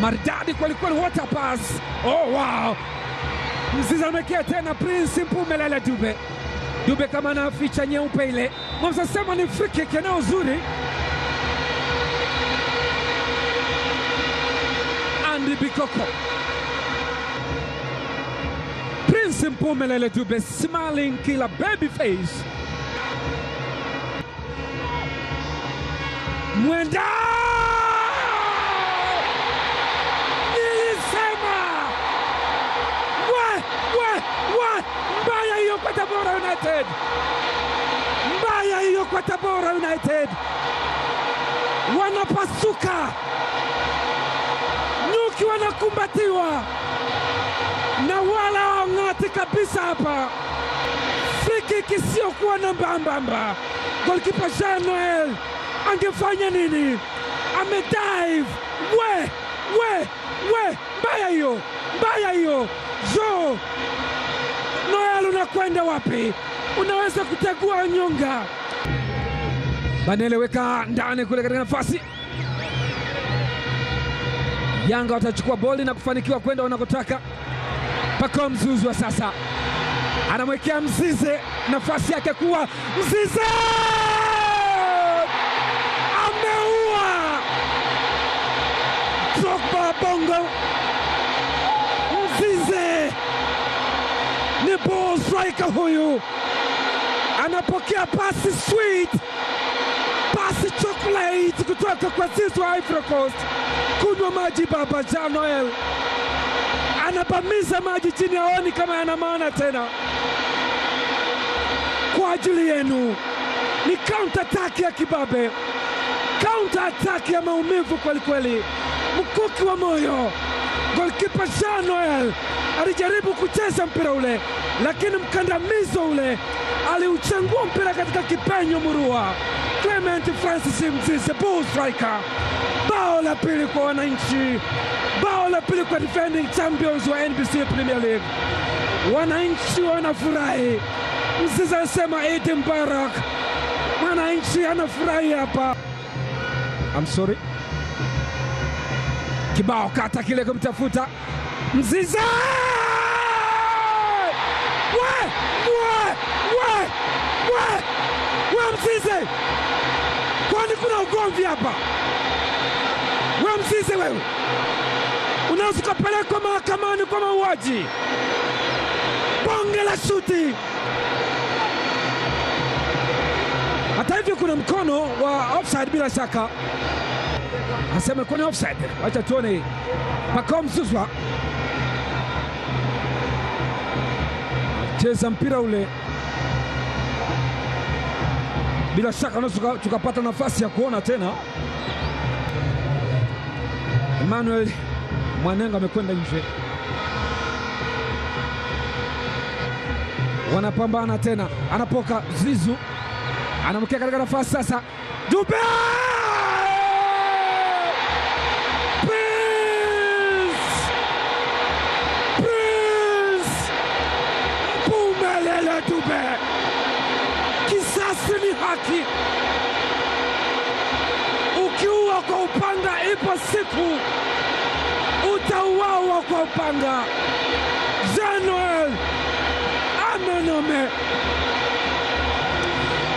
maridadi kwelikweli, water pass. Oh, wow! Mzizi amekea tena Prince Mpumelele Dube. Dube kama anaficha nyeupe ile, mwamsasema ni free kick, eneo zuri. Andy Bikoko, Prince Mpumelele Dube smiling kila baby face, mwenda United, mbaya hiyo kwa Tabora United, wanapasuka, nyuki wanakumbatiwa na wala wang'ati kabisa hapa. Friki kisiyokuwa na mbambamba, golkipa Jean Noel angefanya nini? Amedive we we we, mbaya hiyo, mbaya hiyo jo kwenda wapi, unaweza kutegua nyonga. Banaeleweka ndani kule katika nafasi. Yanga watachukua boli na kufanikiwa kwenda wanakotaka. Pako mzuzu wa sasa anamwekea Mzize, nafasi yake kuwa Mzize ameua Drogba Bongo Striker huyu anapokea pasi sweet, pasi chocolate kutoka kwa sisi wa Ivory Coast. Kunywa maji baba Jean Noel, anabamiza maji chini, aoni kama yana maana tena. Kwa ajili yenu ni counter attack ya kibabe, counter attack ya maumivu kwelikweli, mkuki wa moyo, golkipa Jean Noel alijaribu kucheza mpira ule, lakini mkandamizo ule aliuchangua mpira katika kipenyo murua. Clement Francis Mzize, bull striker, bao la pili kwa wananchi, bao la pili kwa defending champions wa NBC Premier League. Wananchi wanafurahi. Mzize asema Eid Mubarak, mwananchi anafurahi hapa. I'm sorry, kibao kata kile kumtafuta Mzize! Ouais! Ouais! Ouais! Ouais! We Mzize! Kwani kuna ugomvi hapa? We Mzize wewe, unaweza ukapelekwa mahakamani kwa mauaji, bonge la shuti. Hata hivyo kuna mkono wa offside bila shaka, asema kuna offside. Wacha tuone Pacome Zouzoua cheza mpira ule, bila shaka unaweza tukapata nafasi ya kuona tena. Emmanuel Mwanenga amekwenda nje, wanapambana tena, anapoka Zizu, anamkia katika nafasi sasa, Dube be! Kisasi ni haki. Ukiua kwa upanga, ipo siku utauawa kwa upanga. Jean-Noel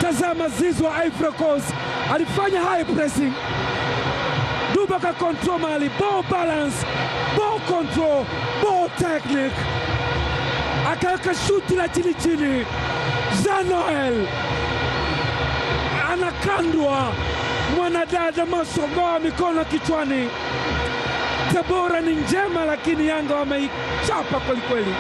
Tazama Zizi wa Ivory Coast alifanya high pressing, Dube kakontrol mali, ball balance, ball control, ball technique akaweka shuti la chini chini. Za Noel anakandwa, mwanadada Masogoa mikono kichwani. Tabora ni njema, lakini Yanga wameichapa kwelikweli.